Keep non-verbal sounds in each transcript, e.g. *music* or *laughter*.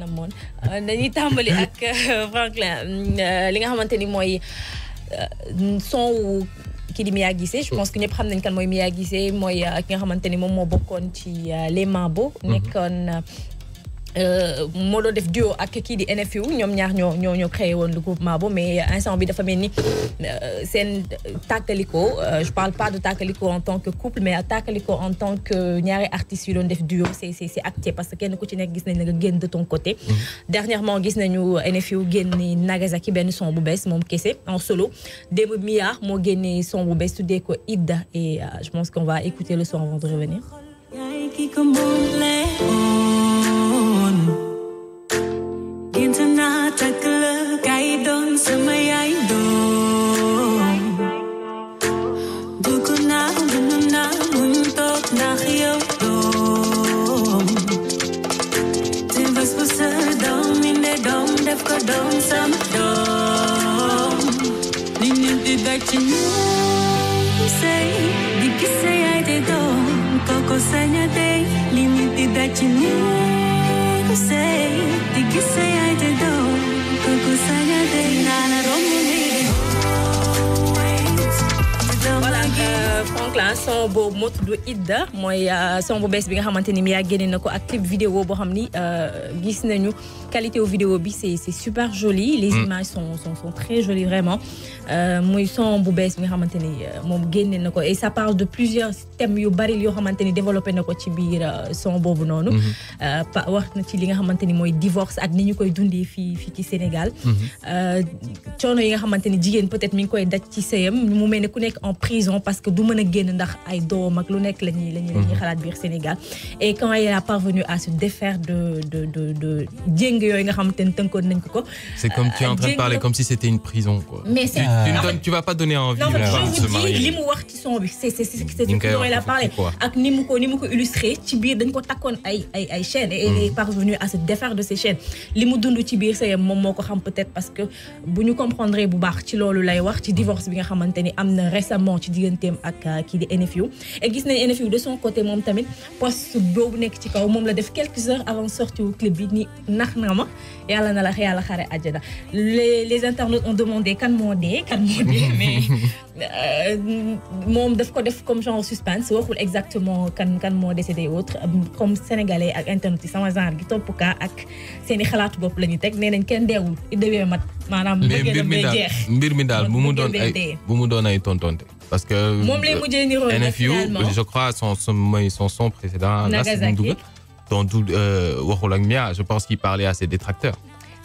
namoon ah, dañuy tambali ak *laughs* euh, Franklin mm, euh, li nga xamanteni moy euh, son qui kii di je pense que ñëpp xam nañ kan moy Mia Guissé mooy ki nga xamanteni mom mo moo ci les Mabo mhm. nekkoon euh, moo doon def duo ak ki di NFU ñom ñaar ñoo ñoo ñoo créé woon le groupement boobu mais instant bi dafa mel ni euh, seen tàkkaliko euh, je parle pas de takaliko en tant que couple mais tàkkaliko en tant que ñaari artiste yu doon def duo c'est c'est c'est acté parce que kenn ku ci nek gis nañ nga de ton côté. Mm-hmm. dernièrement gis nañu NFU génne Nagasaki ben son bu bees mom kessé en solo démb Mia mo génne son bu bees tuddee ko Ida et je pense qu'on va écouter le son avant de revenir. Dar ce nu sei De ce se ai de două Coco să ne dei Limite Dar ce nu sei De ce se ai de două Coco son boobu moo tudd Idda moy son bu bees bi nga xamanteni mi ya génne nako ak clip vidéo bo xamni euh gis nañu qualité au vidéo bi c'est c'est super joli. les mm. images sont sont sont très jolies vraiment euh, muy son bu bes bi nga xamanteni mom euh, moom nako et ça parle de plusieurs thèmes yu bari yo xamanteni développer nako na ko ci biir euh, son boobu noonu. Mm-hmm. wax na ci li nga xamanteni moy divorce ak niñu koy dundee fi fi ci Sénégal. Mm-hmm. euh coono yi nga xamanteni jigen peut-être mi ngi koy daj ci sëyam mu melni ku nek en prison parce que du meuna a ndax ay doom ak lu nekk la ñuy la mhm. xalaat biir Sénégal et quand il a parvenu à se défaire de de de de jéng yooyu nga xamante ne tënkoon nañ ko ko. c'est comme tu es en train de euh, parler comme si c'était une prison quoi. mais c'est tu ne donnes tu vas pas donner envie. non je vous dis li mu wax ci son bi c'est c'est ce du dont il a parlé ak ni mu ko ni mu ko illustré ci biir dañ ko takkoon ay ay ay chaînes. et il mhm. est parvenu à se défaire de ces chaînes li mu dund ci biir sëyam moom moo ko xam peut-être parce que bu ñu comprendre bu baax ci loolu lay wax ci divorce bi nga xamante ni am na récemment ci digganteem ak euh, kii di NFU et gis nañ NFU de son côté mom tamit poste boobu nek ci kaw mom la def quelques heures avant sortie au clip bi ni nax na ma yàlla na la yàlla xare àjjana les les internautes ont demandé kan moo dee kan moo dee mais euh, mom daf ko def comme genre suspense waxul exactement kan kan mo décédé autre euh, comme sénégalais ak internet sama genre gi top kaa ak seen i bop lañu tek nenañ teg nee i dewe deewul dewee mat maanaam. mbir mi daal mbir mi daal bu mu doon ay bu mu doon ay tontonté parce que mom lay mujjé ni rôle NFU je crois son son mooy son son précédent. Nagasaki dont euh, waxul ak Mia je pense qu'il parlait à ses détracteurs.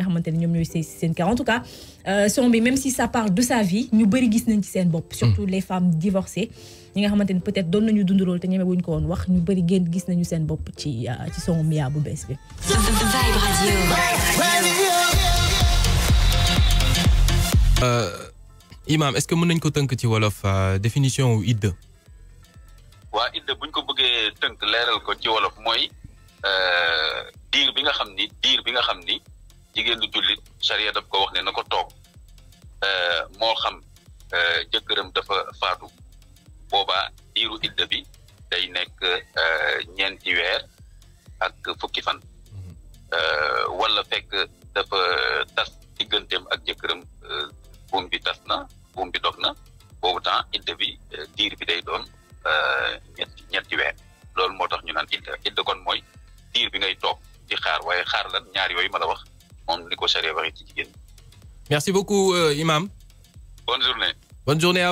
nga xamanteni ñom ñoy ñooy sëy si seen kër en tout cas euh son bi même si ça parle de sa vie ñu bari gis nañ ci seen bop hmm. surtout les femmes divorcées ñi nga xamanteni peut-être don nañu dund loolu te ñeme wuñ ko won wax ñu bari gën gis nañu seen bop ci euh, ci son Mia bu bees bi euh, imam est-ce que mën nañ ko tënk ci wolof euh, définition ou idda wa idda buñ ko bëggee tënk leeral ko ci wolof mooy diir bi nga xam ni diir bi nga xam ni jigéenu julit charia daf ko wax ne na ko toog euh, moo xam euh, jëkkëram dafa faatu boobaa diiru idda bi day nekk euh, ñeenti weer ak fukki fan mhm. wala fekk dafa tas digganteem ak jëkkëram buum bi tas na buum bi dog na boobu temps idda bi diir bi day doon ñetti ñetti weer loolu moo tax ñu naan idda idda kon mooy diir bi ngay toog di xaar waaye xaar lan ñaar yooyu ma la wax merci beaucoup euh, Imam. bonne journée. bonne journée. à